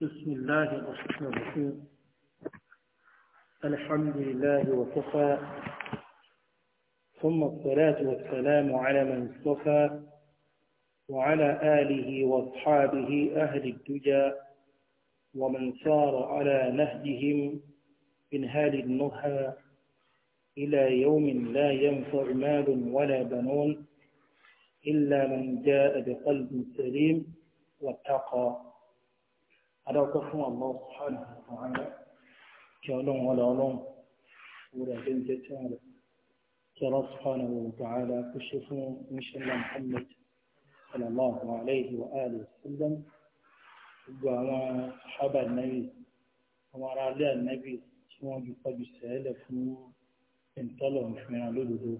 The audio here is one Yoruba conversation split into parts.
بسم الله الرحمن الرحيم الحمد لله وكفى ثم الصلاة والسلام على من اصطفى وعلى آله واصحابه أهل الدجى ومن سار على نهجهم من هال النهى إلى يوم لا ينفع مال ولا بنون إلا من جاء بقلب سليم واتقى adáwọ̀kọ́ fún Allah subhanahu ta'ala kí ọlọ́run wọlé ọlọ́run wúrẹ̀ tó ń wọn rẹ̀ kí Allah subhanahu ta'ala kó ṣe fún inshallah àwọn ará alẹ́ ànábì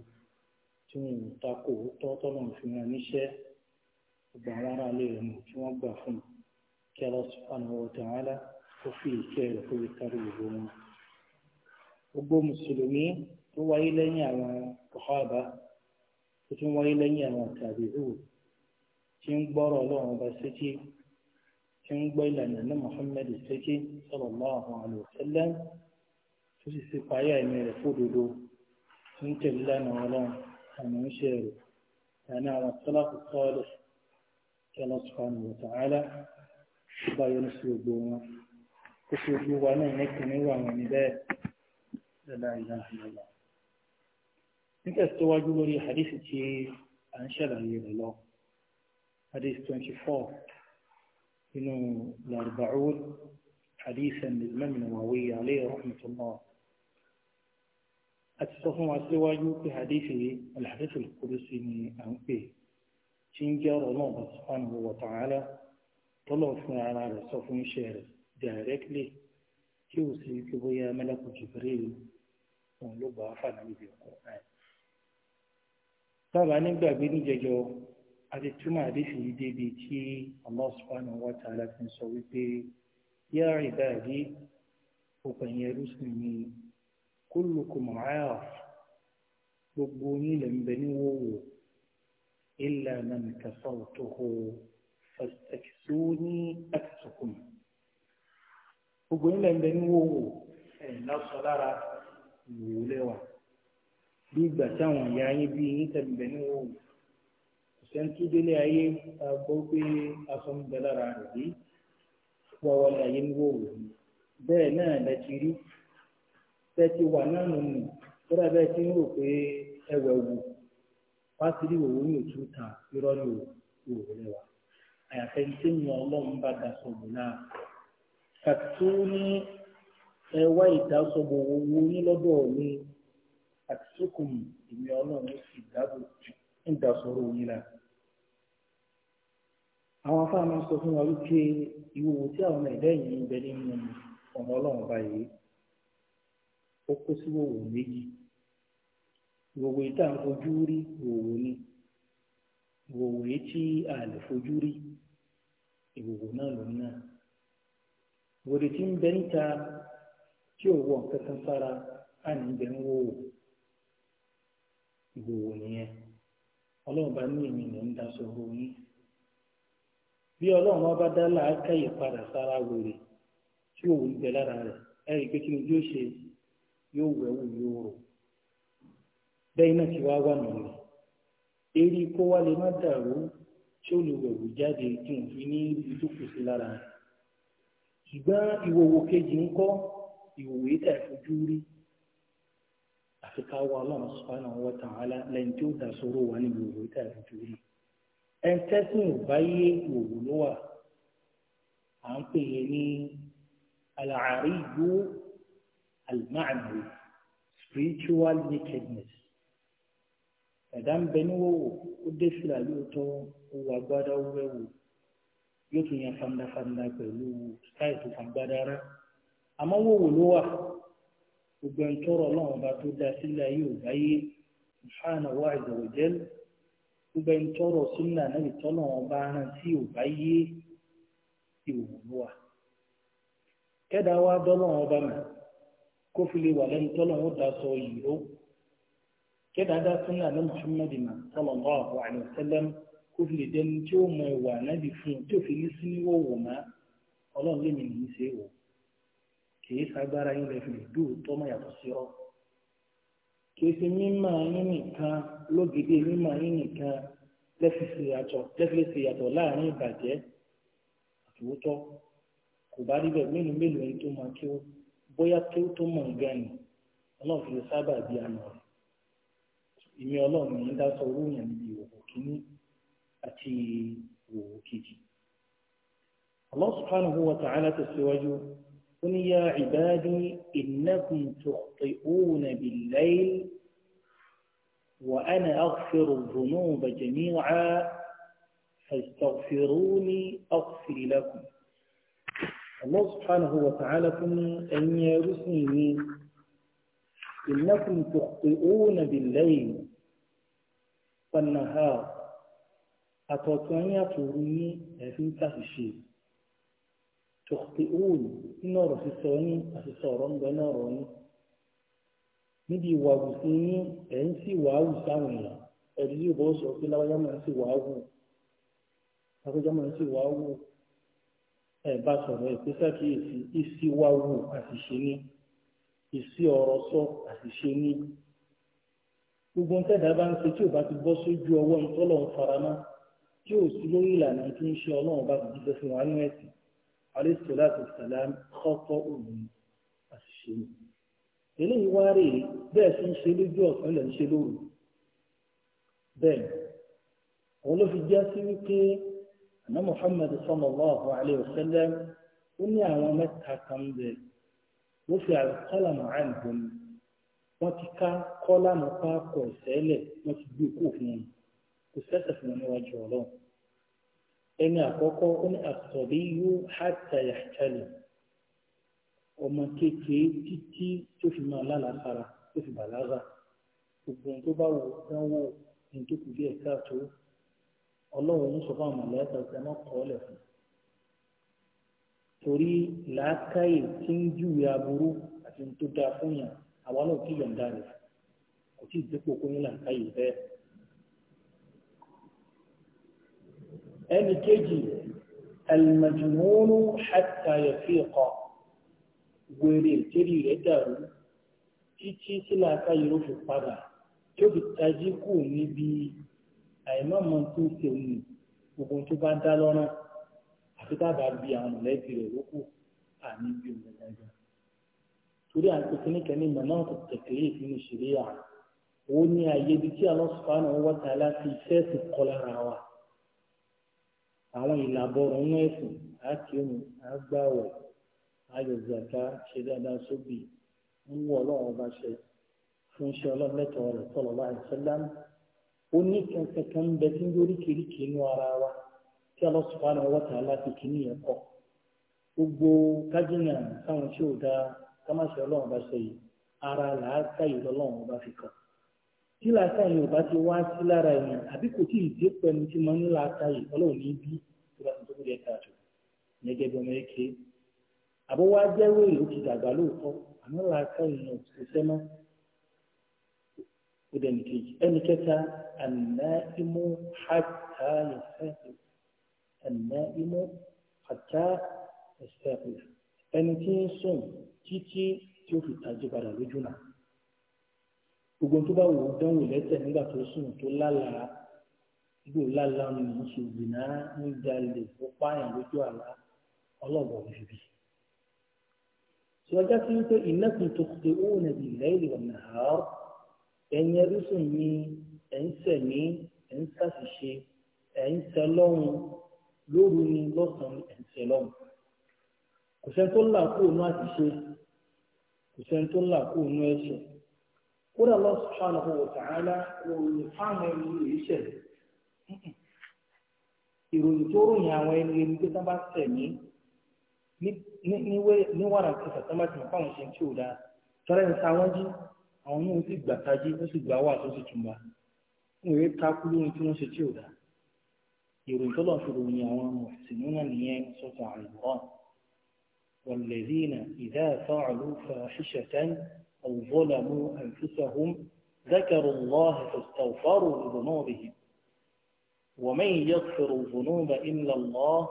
tí wọ́n takò tọ́tọ́lọ̀ ìfihàn níṣẹ́ gbogbo àwọn ará tí wọ́n gbà fún un. kí Allah subhanahu wa ta'ala ó fi ìkẹ́ rẹ̀ kó lè kárí ìlú wọn. gbogbo mùsùlùmí tó wáyé lẹ́yìn àwọn kọ̀hábà tó tún wáyé lẹ́yìn àwọn tàbíù tí ń gbọ́rọ̀ ọlọ́run ọba sétí tí ń gbọ́ ìlànà ní Muhammad sétí sallallahu alaihi wasallam tó sì ṣe payá ẹ̀mí rẹ̀ fódodo tó ń tẹ̀lé lánàá ọlọ́run àwọn iṣẹ́ rẹ̀ lánàá àwọn sọ́lá kò sọ́ọ̀lẹ̀ kí Allah subhanahu wa ta'ala ọba yọ ní ogbo wọn kó sí gbogbo wa náà lẹ́kùn nírú àwọn ẹni bẹ́ẹ̀ lọ́la ìlànà ìlànà nígbà tó wájú lórí hadith tí à ń ṣàlàyé rẹ̀ lọ hadith twenty four inú làrúbàún hadith an-Imam Nawawi alayhi rahmatullah àti sọ fún wa ti síwájú pé hadith yìí al-hadith al-qudusi ni à ń pè tí ń jẹ́ ọ̀rọ̀ náà subhanahu wa ta'ala. tọ́lọ̀ fún ara rẹ̀ sọ fún iṣẹ́ rẹ̀ directly tí ó sì kí bóyá mẹ́lẹ́kù Jibril òun ló bá fà náà níbi ọkọ̀ náà. sábà nígbàgbé níjẹjọ a ti túmọ̀ àdéhùn yìí débi tí Allah subhanahu wa ta'ala fi sọ wípé yá ibadi òpin ẹrú sì ni kullukum 'aaf gbogbo yín ń bẹ níwòwò illa man kasawtuhu fàṣẹkìsóní àtìsọkùn gbogbo ilẹ̀ ń bẹ ní wòwò ẹ̀ lásọ lára wòwò lẹ́wà bí ìgbà tí àwọn ìyá yín bí yín tẹ̀ ń bẹ ní wòwò kò sẹ́ńtú délé ayé ta gbọ́ pé aṣọ ń bẹ lára rẹ̀ rí wọ́n wọlé ayé ní wòwò bẹ́ẹ̀ àyàfẹ́ tí mi ọlọ́run bá dà sọ̀bù náà kàtó ní ẹwà ìdásọ̀bù owó yín mi àti sókùn èmi ọlọ́run sì dábò ń dàsọ̀rọ̀ yín la. àwọn afáà máa sọ fún wa wípé tí àwọn ẹ̀dá ń bẹ nínú ọlọ́run báyìí ó kó sí wòwò méjì yìí tá à ń fojú rí wòwò ni yìí tí a lè fojú ìwòwò náà lòun náà wòlé tí ń bẹ níta tí ò wọ nǹkan sára á ní bẹ ń wò ó ìwòwò nìyẹn ọlọ́run bá ní ń da sọ̀rọ̀ yín bí ọlọ́run bá dá làákàyè padà sára wòlé tí òwò ń bẹ lára rẹ̀ ẹ rí i pé kí ṣe yóò wẹ̀wù yóò rò bẹ́ẹ̀ náà tí ó lè wẹ̀wù jáde tí ò fi ní ibi tó kù sí lára rẹ̀ ṣùgbọ́n ìwòwò kejì ń kọ́ ìwòwò yìí tà ìfojú rí àti ká wá ọlọ́run subhanahu wa ta'ala lẹ́yìn tí ó dà sóró wa níbi ìwòwò yìí ìfojú rí ẹn tẹ́sán ò bá yé ìwòwò ló wà à ń pè é ní al-'ariyu al spiritual nakedness ẹ̀dá ń bẹ níwòwò ó dé fìlà lóòótọ́ owó agbádá owó ẹ̀wò yóò tún yan fandafanda pẹ̀lú sítáì tó fagbádá rá àmọ́ wòwò ló wà gbogbo ẹni tọrọ ọlọ́run ọba tó dá sílẹ̀ ayé ò báyé ìfáànà wà ìdọ̀wọ̀jẹ́ gbogbo ẹni sílẹ̀ náà ìtọ́nà ọba rán tí ò báyé ìwòwò ló wà kẹ́dà wa dọ́lọ́run ọba mọ̀ kó wà lẹ́nu tọ́lọ́run ó dá sọ yìí ó kí dáadáa súnà ní muhammadu ma sallallahu alayhi wa sallam kó fi lè dẹni tí ó mọ ìwà nábì fún un tí ò fi ní sí níwọ̀ wò má ọlọ́run lè mìíràn ṣe wò kìí sagbára yín lè fi lè dùn tọ́mọ yàtọ̀ sí ọ kìí ṣe mímọ̀ yín nìkan lógede mímọ̀ yín nìkan lẹ́fẹ̀ẹ́ ṣe yàtọ̀ láàrin ìbàjẹ́ àtòótọ́ kò bá níbẹ̀ mélòó mélòó ẹni tó máa kí ó bóyá kí ó tó mọ̀ nǹkan ni ọlọ́run fi lè sábà bí àná rẹ̀. ìmí ọlọ́run ní dá sọ owó yẹn níbi òwò kínní àti òwò kejì. Allah subhanahu wa ta'ala síwájú ó ní yá ìnákùn ìbáàdí innakum tukhti'una bil-layl wa á nà ana aghfiru ní jami'a fastaghfiruni aghfir lakum. Allah subhanahu wa ta'ala ní ẹ̀yin ẹrú sí ìnákùn mi innakum tukhti'una bil-layl. والنهار أتوتون يطورني في تفشي تخطئون إن رسيسوني أسسورون بناروني níbi ìwà àwùsí yín ẹ̀ ń sì wà áwù sáwọn èèyàn ẹ̀rí yóò bọ́ sọ pé láwájá máa ń sì wà áwù láwájá máa ń sì wà áwù ẹ̀ bá sọ̀rọ̀ ẹ̀ pé sàkíyèsí ìsíwáwù àṣìṣe ní ìsí ọ̀rọ̀ sọ àṣìṣe ní gbogbo ń tẹ̀dá bá ń ṣe tí ò bá ti bọ́ sójú ọwọ́ ń tọ́lọ̀ ń faramá tí ò sí lórí ìlànà tí ń ṣe ọlọ́run bá ti jẹ́ fún wa ní ẹ̀sìn alayhi salatu wassalam kọ́kọ́ òun àṣìṣe ni. eléyìí wá rèé bẹ́ẹ̀ sì ń ṣe lójú ọ̀sán lẹ̀ ń ṣe lóru bẹ́ẹ̀ òun ló fi já sí wípé àná Muhammad sallallahu alayhi wa sallam ó ní àwọn mẹ́ta kan bẹ̀ ó fi àlùkálà mọ̀ wọ́n ti ká kọ́làmù páàkọ̀ ìsẹ́lẹ̀ wọ́n ti gbé kó fún wọn kò sẹ́sẹ̀ fún wọn níwájú ọlọ́run ẹni àkọ́kọ́ ó ní àtọ̀bí yóò hàtàyà jalè ọmọ kékeré títí tó fi máa lálàáfara tó fi bàlágà gbogbo ohun tó bá wò wọ́n wò ohun tó kù díẹ̀ káàtó ọlọ́run ń sọ fún àwọn mọ̀lẹ́ta pé ẹ kọ́ ọ lẹ̀ torí làákàyè tí ń júwe aburú àti ohun tó dáa fún yàn àwa náà kí yọ̀ǹda rẹ̀ kò tí ì dípò kó yín làǹkà yìí bẹ́ẹ̀. ẹnì kejì alimajununu hatta yafiqa wèrè ìtẹ́rì rẹ̀ dàrú títí tí làǹkà yìí ló fi padà tó fi tají kù níbi àìmọ̀mọ́ tó ṣe òun gbogbo tó bá dá lọ́rùn àti tábà bí àwọn mọ̀lẹ́bí rẹ̀ lókù àní òun gbàgbà torí àti kíníkà ní manáà tó tẹ̀kẹ́lé nínú ṣẹ̀ríà ó ní àyè ibi tí Allah subhanahu wa ta'ala fi iṣẹ́ sì kọ́ lára wa àwọn ìlàbọ̀rọ̀ ń ẹ̀sìn àkíyèmí àgbàwẹ̀ ayọ̀zàká ṣe dáadáa sóbì ń wọ ọlọ́run ọba ṣe fún iṣẹ́ ọlọ́run lẹ́tọ̀ọ́ rẹ̀ sallallahu alaihi wasallam ó ní kankan kan bẹ tí ń lórí inú ara wa tí Allah subhanahu wa ta'ala fi yẹn kọ́ gbogbo kájínà sáwọn tí ò dáa kámáṣe ọlọ́run bá ṣe yìí ara làákà yìí lọ́lọ́run bá fi kàn tí làákà yìí ò bá ti wá sí lára yìí àbí kò tí ì dé pẹ̀lú tí mo ní làákà yìí ọlọ́run ní bí tó bá ti tó kúrẹ́ káàtó gẹ́gẹ́ bí ọmọ eke àbó wá jẹ́ wèrè ti dàgbà lóòótọ́ àmọ́ làákà yìí náà kò sẹ́ mọ́ ó dẹ̀ nìkejì ẹnì kẹta àná imú hàtà ẹ̀fẹ́ àná imú hàtà ẹ̀fẹ́ ẹni tí ń sùn títí tí ó fi tají padà lójú náà gbogbo tó bá wò ó dánwò lẹ́sẹ̀ nígbà tó sùn tó lálàá gbò lálàá ni mo ṣe gbìnà ń jalè ó pààyàn lójú àlá ọlọ́bọ̀ òṣèlú sọjá sí wípé ìnákùn tó ṣe ó nà lẹ́yìn ọ̀nà àárọ̀ ẹ̀yin ẹrú sùn ẹ̀ ń sẹ̀mí ẹ̀ ń ṣàṣìṣe ẹ̀ ń sẹlọ́run lóru ni lọ́sàn-án ẹ̀ ń sẹlọ́run. kò sẹ́ni tó là kó òun àti ṣe kò sẹ́ni tó là kó òun ẹ̀ṣẹ̀ kódà Allah subhanahu wa ta'ala òòyìn fáwọn ẹni ìṣẹ̀ ìròyìn tó ròyìn àwọn ẹni ẹni tó sábà ní wàrà tó fáwọn ṣe tí ò dáa tọ́lá jí àwọn gbà tají ó sì gbà wà tó sì wọn yóò lóhun tí wọ́n ṣe tí ò dáa ìròyìn tó fi ròyìn àwọn ọmọ والذين إذا فعلوا فاحشة أو ظلموا أنفسهم ذكروا الله فاستغفروا لذنوبهم ومن يغفر الذنوب إلا الله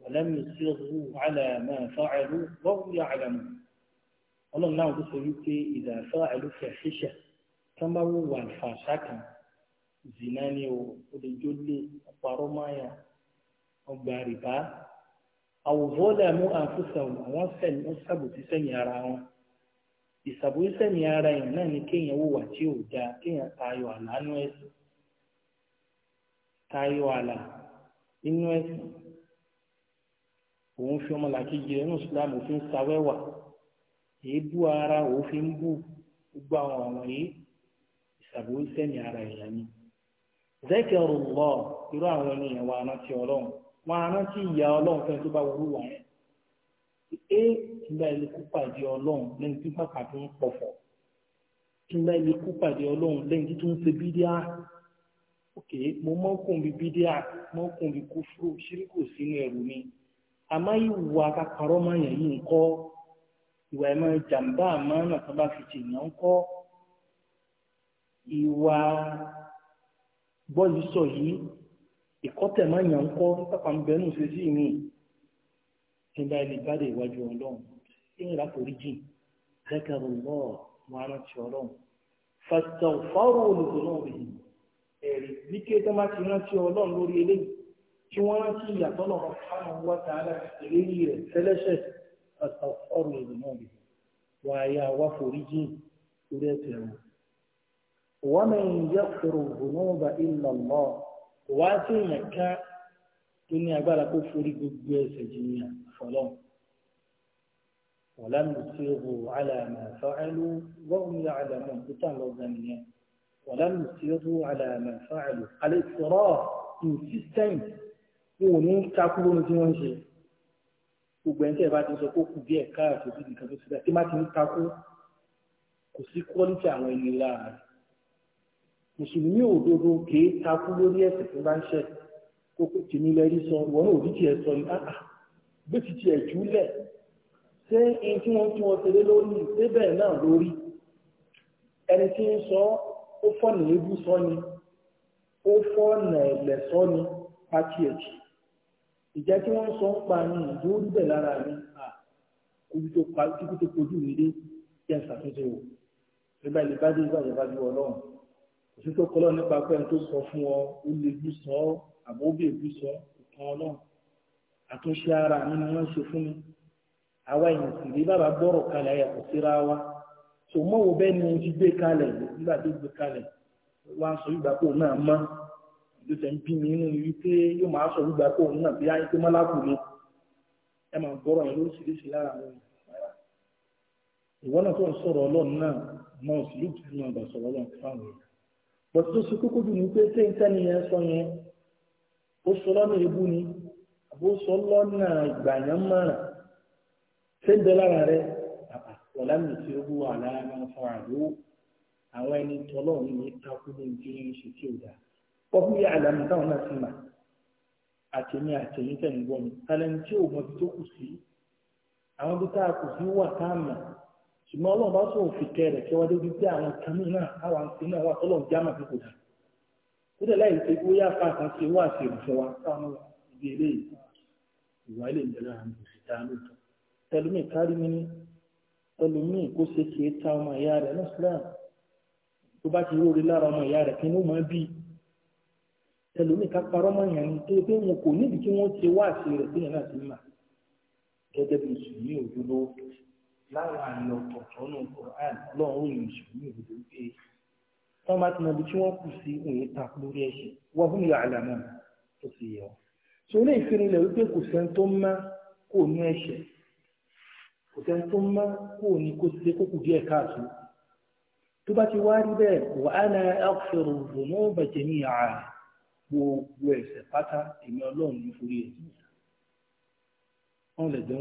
ولم يصروا على ما فعلوا وهم يعلمون ولم náà tó sọ wípé ìdàfà àlùfẹ́ ṣíṣẹ́ زناني bá wù wà fàṣà àwòbọ́dà mú àfúsàwò àwọn sẹ́ni ó sàbòsí sẹ́ni ara wọn ìsàbòsí sẹ́ni ara yẹn náà ni kéèyàn wò wà tí ò dáa kéèyàn tayọ àlà nú ẹ̀sìn tayọ àlà nínú ẹ̀sìn òun fi ọmọlàkejì wọn arántí ìyá ọlọ́run fẹ́ tó bá wọlé wà yẹn ẹ tí n bá ilé kú pàdé ọlọ́run lẹ́yìn tí bàbá tó ń pọ̀fọ̀ tí n bá ilé kú pàdé ọlọ́run lẹ́yìn tí tó ń ṣe bídíà ok mo mọ́ kùn bí bídíà mọ́ kùn bí kú fúrú ṣíríkù sínú ẹ̀rù mi àmọ́ ìwà kakarọ́ máa yàn yìí ń ìwà ẹ̀ máa jàǹbá àmọ́ náà bá fi tìyàn ń kọ́ ìwà gbọ́yìí sọ yìí ìkọ́tẹ̀ máa yàn ń kọ́ nípa bẹ́ẹ̀nù ṣe sí mi tí n bá ilé ìbádẹ ìwájú ọlọ́run ìyẹn láforí jìn lẹ́kẹ̀rọ lọ́ọ̀ wọn rántí ọlọ́run fàtà fáwọn olùkọ́ náà rè ẹ̀rí bí kí ẹjọ́ máa ti rántí ọlọ́run lórí eléyìí tí wọ́n rántí ìyàtọ̀ lọ́wọ́ fáwọn wá tààrà eléyìí rẹ̀ tẹ́lẹ́sẹ̀ fàtà fáwọn olùkọ́ náà rè wọ́n wọ́n kò wá sí ìyàn ká tó ní agbára kó forí gbogbo ẹsẹ̀ jìnnìyàn fọlọ́ wọ̀lá mi ti rò àlàmà fáálù wọ́n mi àlàmà òkúta lọ́gbà nìyẹn wọ̀lá mi ti rò àlàmà fáálù alẹ́ sọ̀rọ̀ insistence wọn ò ní takú lórí tí wọ́n ń ṣe gbogbo ẹni tẹ́ ẹ bá ti sọ pé kù díẹ̀ káàtó bí nǹkan tó ti dá tí má ti ń takú kò sí kọ́lítì àwọn ẹni láàárín mùsùlùmí òdodo kìí takú lórí ẹ̀sìn tó bá ń ṣẹ̀ kókó tèmi lẹ́rí sọ wọn náà òbí tiẹ̀ sọ yìí áà ah, ah, bí ti tiẹ̀ júlẹ̀ ṣé ẹni tí wọ́n tí wọ́n tẹ̀lé lórí débẹ̀ náà lórí ẹni tí ń sọ ó fọ́nà ebú sọ ni ó fọ́nà ẹ̀lẹ̀ sọ ni pàtì ẹ̀jì ìjẹ́ tí wọ́n sọ ń pa ni ìjó níbẹ̀ lára mi à ah, ojú tó pa ojú tó kojú mi dé jẹ́ ìṣàtúnṣe o ìgbà ìlú bá dé ìgbà ìjọba ju ọlọ́run òsì tó kọ́ lọ nípa pé ẹni tó sọ fún ọ ó lè bú sọ ọ àbọ̀ ó bè bú sọ ìkan ọlọ́run àtúnṣe ara mi ni wọ́n ṣe fún mi àwa èèyàn sì rí bàbá gbọ́rọ̀ kalẹ̀ yàtọ̀ síra wa tò mọ́ wo bẹ́ẹ̀ ni ti gbé kalẹ̀ nígbà tó gbé kalẹ̀ wá sọ ìgbà pò náà mọ́ ló tẹ̀ ń bí mi nínú wípé yóò máa sọ ìgbà pò náà bí ayé tó mọ́láàkù ni ẹ máa gbọ́rọ̀ yẹn lóríṣiríṣi lára àwọn èèyàn ìwọ náà tó ń sọ̀rọ̀ ọlọ́run náà mọ́ òsì ló ti fi máa sọ̀rọ̀ ọlọ́run fáwọn èèyàn bọ̀tí sukuku ṣe kókó dùn ní pé ṣé ìtẹ́ni yẹn sọ yẹn ó sọ lọ́nà ebú ni àbó sọ lọ́nà ìgbàyàn mọ́ràn ṣé ń bẹ lára rẹ àpàtọ̀lá mi ti rú àlàyé máa fọ àdó àwọn ẹni tọ́lọ́run ní ní ti ń ṣe tí ò dá pọ́pù yà àlàmì táwọn náà ti mà àtẹ̀mí àtẹ̀yìn tẹ̀ ń gbọ́ mi tí tó kù sí àwọn tá ṣùgbọ́n ọlọ́run bá sọ̀rọ̀ fi kẹ́ rẹ̀ kí wọ́n débi pé àwọn kan náà àwọn àǹtí náà wà tọ́lọ́run jámà fún kò dà ó dẹ̀ láì ṣe pé ó yá fa àkàn ṣe wá àṣẹ ìrìnsẹ̀ wa káwọn ibi ilé ìwà ilé ìjọba àwọn òṣì tá a lò tán tẹlumi kárí mi ní tẹlumi kó ṣe kì í ta ọmọ ìyá rẹ̀ náà sílẹ̀ tó bá ti rórí lára ọmọ ìyá rẹ̀ kí ni ó máa bí tẹlumi ká parọ́ mọ́ ìyàn ni tó pé wọn kò níbi kí wọ́n ṣe wá àṣẹ rẹ̀ sí láwọn àmì ọ̀tọ̀ọ̀tọ̀ náà kọ̀ án lọ́wọ́ òyìn mùsùlùmí òdodo pé wọ́n bá ti mọ ibi tí wọ́n kù sí òye ta lórí ẹ̀ṣẹ̀ wọ́n fún ìyá àlàmọ́ tó ti yẹ ọ́. sọ ilé ìfihàn ilẹ̀ wípé kò sẹ́ni tó má kò ní ẹ̀ṣẹ̀ kò sẹ́ni tó má kò ní kó ti lé kókò díẹ̀ káàtó tó bá ti wá rí bẹ́ẹ̀ wà á na ẹ́kṣẹ̀rù ònà bàjẹ́ ní àárẹ̀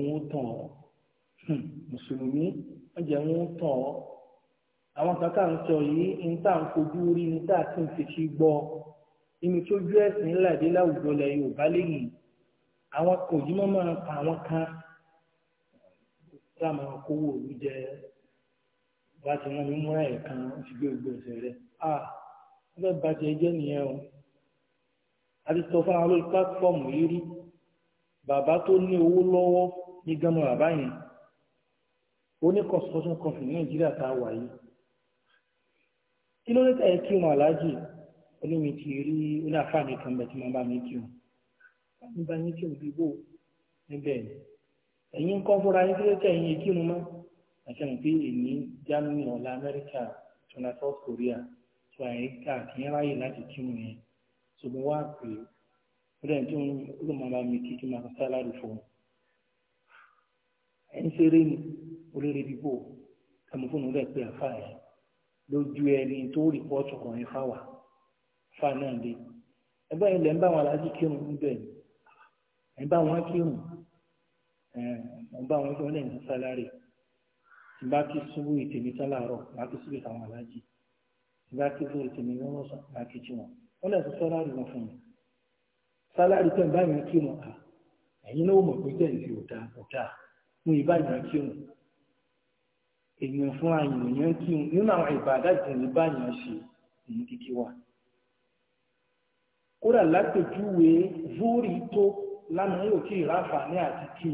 gbogbo Hmm, mùsùlùmí wọ́n jẹ́ ń tàn ọ́ àwọn kan tá à ń sọ yìí ní tá à ń fojú rí ní tá à ti ń fetí gbọ́ inú tó ju ẹ̀sìn ńlá dé láwùjọ lẹ Yorùbá lẹ́yìn àwọn kò jí mọ́ pa àwọn kan tá a máa kówó òru jẹ bá ti rán mi múra ẹ̀ kan ó ti gbé gbogbo ẹ̀sẹ̀ rẹ̀ a wọ́n fẹ́ ba tiẹ̀ jẹ́ nìyẹn o a ti sọ fún àwọn olórí pátọ́ọ̀mù yìí rí bàbá tó ní owó lọ́wọ́ ní gánmọ́ bàbá yẹn oníkọ̀sọ́sọ́ kọfì ní nàìjíríà tá a wà yìí kí ló dé tẹ̀ kí wọn aláàjì olómi ti rí onífààní kan bẹ̀ tí wọ́n bá mi kí wọn wọ́n bá mi kí wọn bí níbẹ̀ ẹ̀yin kọ́ fúnra yín kí ló tẹ̀ kí wọn mọ́ àti àwọn pé èmi Germany ọ̀la Amẹ́ríkà tọ́lá South Korea tó àyíká kì í ráyè láti kí wọn yẹn ṣùgbọ́n wá pè é ó dẹ̀ tó ló máa bá mi kí kí máa sálárì olórí ìdìbò amúfóònù rẹ̀ pé àfa yẹn lójú ẹni tó rìpọ́tù ọ̀rọ̀ yẹn fáwà fa náà lé ẹgbẹ́ yẹn lẹ̀ ń bá wọn aláàjì kírun níbẹ̀ ẹ̀ ń bá wọn kírun ẹ̀ ń bá wọn kí wọ́n lè ní sálárì tí bá kí ṣubú ìtẹ̀mí sáláàrọ̀ bá kí ṣubú ìtàwọn aláàjì tí bá kí ṣubú ìtẹ̀mí lọ́wọ́ sọ bá kí jí wọn wọ́n lè sọ sálárì wọn fún mi sálárì tẹ̀ ń bá yẹn kírun à náà mọ̀ pé tẹ̀ ń fi fún ìbá yẹn kírun èèyàn fún àyìnbíyàn kí nínú àwọn ìbàdà ìdùnnú báyàn ṣe ìyìn kíkí wa kódà látòjúwe vórí tó lánàá yóò kí ìráǹfààní àti kí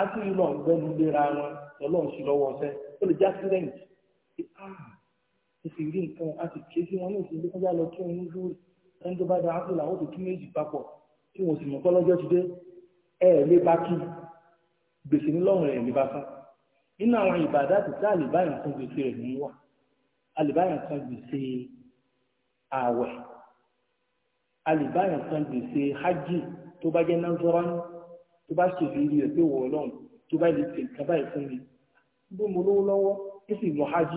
á sì lọ gbẹnu léra wọn lọ́lọ́run sí lọ́wọ́ ọsẹ ó lè já sí lẹ́yìn ó sì rí nǹkan a sì ké sí wọn ní òsì nípa lọ kí wọn ní vórí ẹni tó bá da ápò làwọn tó kí méjì papọ̀ tí wọn sì mọ̀ pé lọ́jọ́ ti dé ẹ gbèsè nílọ́run ẹ̀ nínú àwọn ìbàdà tó tá àlìbáyàn kan gbèsè rẹ̀ mú wà àlìbáyàn kan gbèsè ààwẹ̀ àlìbáyàn kan gbèsè hajj tó bá jẹ́ nàzọ́rán tó bá ṣe ìrírí rẹ̀ pé wọ́ọ́ lọ́hùn tó bá lè tẹ̀lé kan báyìí fún mi bó mo lówó lọ́wọ́ ó sì lọ hajj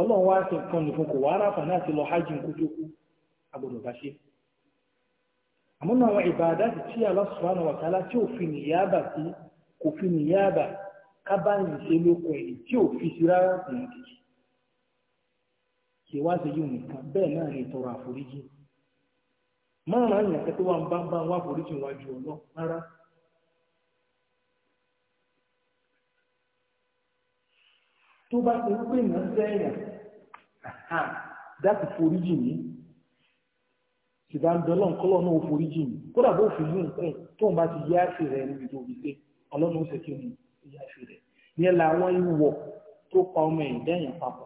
ọlọ́run wá sí nǹkan nìkan kò wá ráfà náà ti lọ hajj nǹkó tó kú agbọ́dọ̀ bá ṣe àmọ́ náà àwọn tí Allah subhanahu wa tí òfin ìyáàbà sí kò fi ìyáàbà kábàáyìn ṣe lókun èyí tí ò fi sí rárá sí ìdí ṣèwádìí yìí nìkan bẹ́ẹ̀ náà ni tọrọ àforíjì márùn án yàn kẹtẹ wà ń bá ń bá ń wá àforíjì wájú ọlọ rárá. tó bá ti ń pè náà sẹ́yìn dáàtì foríjì mi ṣùgbọ́n àdọ́lọ́ ńkọ́lọ́ náà ó foríjì mi kódà bó fi yún un tóun bá ti yá àṣìrẹ́ níbi tó fi dé ọlọ́run ó ṣe kí ni. ìyáfi rẹ̀ yẹn làwọn ìwọ̀ tó pa ọmọ ẹ̀dẹ́yìn papọ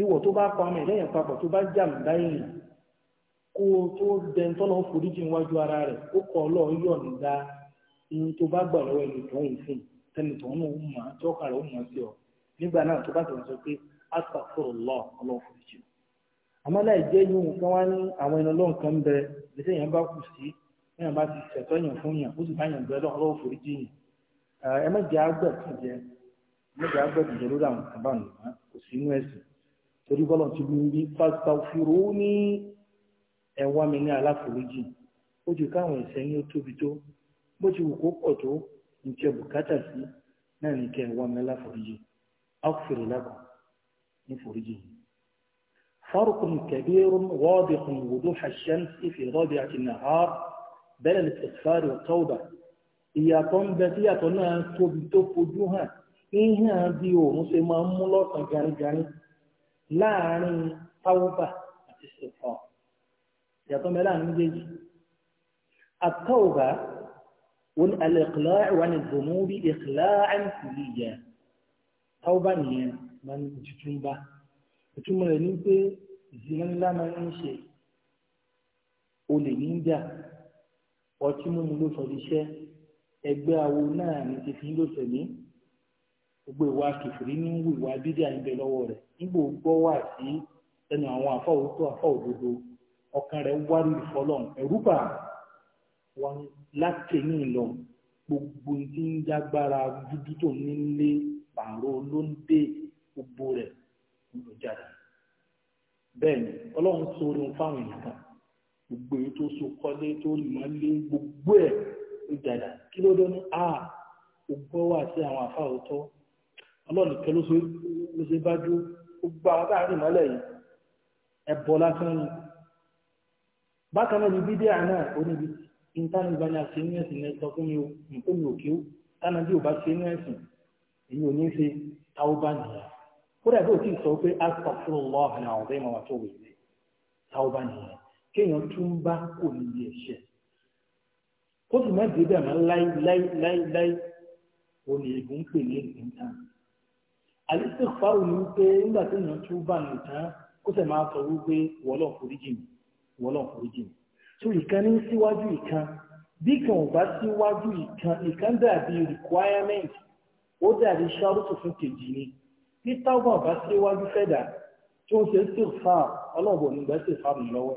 iwọ tó bá pa ọmọ ẹ̀dẹ́yìn papọ tó bá jàm̀bá èèyàn kó o tó dẹni tọ́lọ́ foríjì nwaju ara rẹ̀ ó kọ́ ọ lọ́ọ́ yọ̀ nígbà tó bá gbà lọ́wọ́ ẹni tó ń fún tẹni tó ń mọ̀ bá sọ pé àmọ́ láì jẹ́ yín ní àwọn ẹni ọlọ́run kan bẹ yẹn bá ti ṣẹ̀tọ́ yẹn fún yẹn ó sì bá yẹn bẹ́ẹ̀ lọ́wọ́ lọ́wọ́ foríjì yẹn ẹ mẹ́jẹ agbẹ̀tìjẹ mẹ́jẹ agbẹ̀tìjẹ lórí àwọn kan bá kò sí inú ẹ̀sìn torí bọ́lọ̀ ti lu bí pásítọ̀ fìrò ó ní ẹ̀wá mi ní aláforíjì ó ju káwọn ẹ̀ṣẹ̀ yín ó tóbi tó bó ti wù kó pọ̀ tó ní kí bùkátà sí náà ní kí ẹ̀wá mi aláforíjì áfìrì lákàn ní foríjì yìí. فرق كبير واضح وضوح الشمس في رابعة النهار bẹ́ẹ̀ ni tẹ̀sífàárì ọ̀tọ́ọ̀dà ìyàtọ̀ ń bẹ tíyàtọ̀ náà tóbi tó fojú hàn ìhàn bí òun ṣe máa ń mú lọ́sàn garigari láàárín táwọ́bà àti ṣèfà ìyàtọ̀ mẹ́lá ní méjèèjì àtọ́ọ̀bà wọn ni alẹ́kìlá wà ní gbòmù bí ìkìlá àǹtìlì yẹ táwọ́bà nìyẹn máa ń tuntun bá ìtumọ̀ rẹ̀ ní pé ìsinmi ńlá máa ń ṣe olè ní ń jà ọtí mímu ló sọ di iṣẹ́ ẹgbẹ́ awo náà ní ti fi ló sẹ̀mí gbogbo ìwà kìfìrí ní wù ìwà bídíà ń bẹ lọ́wọ́ rẹ̀ nígbò gbọ́ wà sí ẹnu àwọn àfọwọ́tò àfọwọ́dodo ọkàn rẹ̀ wárí ìfọlọ́n ẹ̀rú bà wọn látẹ̀yìn lọ gbogbo tí ń jágbára dúdú tó nílé pààrọ̀ ló ń dé gbogbo rẹ̀ lójára bẹ́ẹ̀ ni ọlọ́run sọ orin fáwọn èèyàn gbogbo èyí tó so kọ́lé tó lé gbogbo ẹ̀ ìdàdà kí a gbogbo wa sí àwọn àfa òótọ́ ọlọ́ọ̀nì kẹ́ ló ṣe bá dúró gbogbo àwọn tá à ń rìn mọ́lẹ̀ yìí ẹ̀bọ lásán ni bákan náà ní bídíà náà ó níbi intanet bá ní àṣẹ ní ẹ̀sìn ní fún mi ò nǹkan mi ò kí ó tánà bí ò bá ṣe kéèyàn tún bá kò níbi ẹ̀ṣẹ̀ ó sì má débẹ̀ mọ́ láíláíláíláí ó ní ègún pè ní ègún tán àlìsí fáwọn ní wípé nígbà tí èèyàn tún bá nù tán kó sì máa sọ wípé wọ́lọ̀ foríjì mi wọ́lọ̀ foríjì mi so ìkan ní síwájú ìkan bí kan ò bá síwájú ìkan ìkan dàbí requirement ó dàbí ṣáàrùtù fún kejì ni bí táwọn bá síwájú fẹ́dà tí ó ń ṣe sí fáà ọlọ́ọ̀bọ̀ nígbà sí fáà lọ́wọ́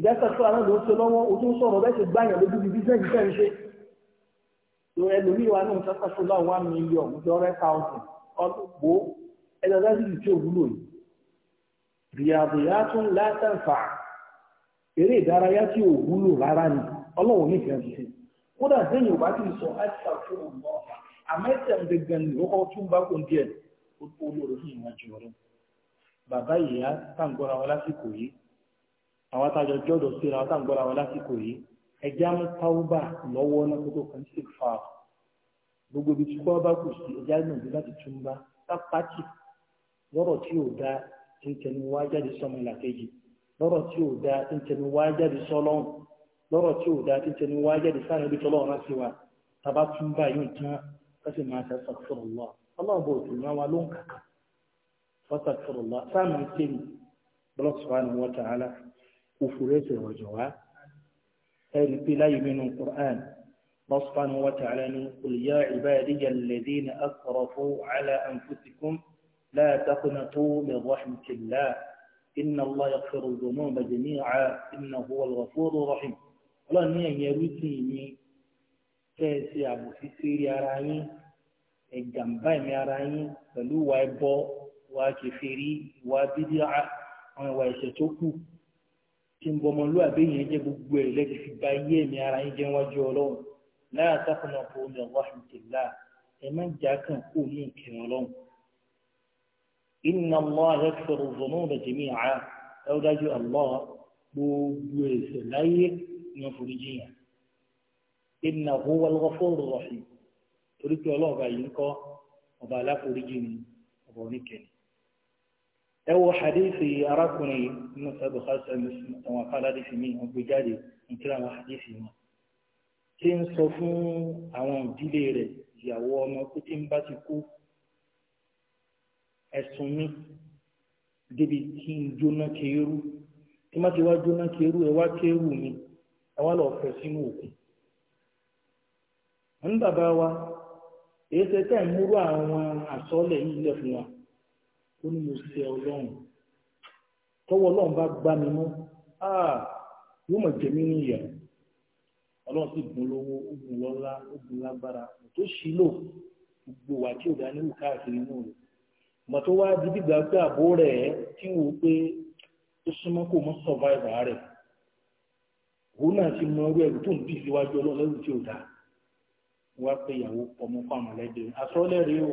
ìdásàtò àwọn ìlú tó lọ́wọ́ o tún sọ̀rọ̀ bẹ́ẹ̀ ti gbáyàn lójú bí bísẹ́ẹ̀sì fẹ́ ń ṣe lórí ẹlòmíì wa náà sàkàtò láwọn one million dọ́rẹ́ thousand ọgbó ẹ̀dọ́dásì ti tí ò wúlò yìí rìàbùyàtún látàǹfà eré ìdárayá tí ò wúlò rárá ni ọlọ́run ní ìfẹ́ ṣe kódà sẹ́yìn ò bá ti sọ àìsà fún ọmọ àmẹ́sẹ̀ gbẹ̀gbẹ̀ ni ó kọ́ àwọn àtàjọ jọ́dọ̀ sí ra àtàǹgbọ́ ra wọn lásìkò yìí ẹjẹ́ mú táwùbà lọ́wọ́ náà kó tó kàn sí fa gbogbo ibi tí kọ́ bá kù sí ẹjẹ́ náà bí láti tún bá pápátì lọ́rọ̀ tí ò da tí ń tẹnu wá jáde sọmọ ìlà kejì lọ́rọ̀ tí ò da tí ń tẹnu wá jáde sọlọ́hùn lọ́rọ̀ tí ò da tí ń tẹnu wá jáde sáré ibi tọ́lọ́run á sí wa tàbá tún bá yóò tán kásì máa ṣe sàkúrò lọ ọlọ́run kò forí ẹsẹ̀ rọ̀jò wá ẹ̀rí pé láyé nínú Qur'an lọ́sùpánu wọ́tà alẹ́nu olùyá ìbáyàdíjà lẹ́dí ní asọ̀rọ̀fó alẹ́ àǹfùsìkún láàtàkùnà tó min rahmatillah inna Allah yaghfiru dhunuba jami'a innahu huwal ghafurur rahim ọlọ́run ní ẹ̀yẹ rútì mi tẹ́ ẹ ṣe àbòsí sírí ara yín ẹ̀jàmbá ara yín pẹ̀lú ìwà ẹbọ ìwà kẹfẹ́rí ìwà bídíà àwọn ìwà ẹ̀ṣẹ̀ tó tí ń bọmọ lóò àbẹ́yẹn jẹ́ gbogbo ẹ̀ lẹ́ti fi ba iye ẹ̀mí ara yín jẹ́ wájú ọlọ́run láyà sáfùnà fún omi rahmatillah ẹ má jà kàn kó ní ìkẹyìn ọlọ́run. inna allah yaghfiru dhunuba jami'a ẹ ó dájú allah gbogbo ẹ̀ṣẹ̀ láyé ní ọ̀fọ̀rọ̀jì yẹn. inna huwal ghafurur rahim torí pé ọlọ́ọ̀bá yìí ń kọ́ ẹwọ hadithi arákùnrin inú sábà kásá àwọn akáládé fi mí wọn gbé jáde nítorí àwọn hadithi wọn tí ń sọ fún àwọn ìdílé rẹ ìyàwó ọmọ kó tí ń bá ti kú ẹsùn mi débi kí n jóná kéérú tí má ti wá jóná kéérú ẹ wá kéérú mi ẹ wá lọ fẹ́ sínú òkun ń bàbá wa èyí ṣe tẹ́ ń múrú àwọn àsọlẹ̀ yìí lẹ̀ fún wa ó ní mo ṣe ọlọ́run tọ́wọ́ ọlọ́run bá gbá mi mú ah, yóò mọ̀ jẹ́ mí ní ìyà ọlọ́run sì gun lówó ó gun lọ́lá ó gun lágbára tó ṣí lò gbogbo wa tí ò dá níwò káàkiri inú rẹ̀ mọ̀ tó wá di gbígbà pé àbó rẹ̀ tí wò ó pé ó súnmọ́ kó mọ́ sọ̀váìvà rẹ̀ òun náà ti mọ orí ẹrù tó ń bì síwájú ọlọ́run lẹ́rù tí ò dá wá pé ìyàwó ọmọ fún àmọ̀lẹ́bí àsọ́lẹ̀ o.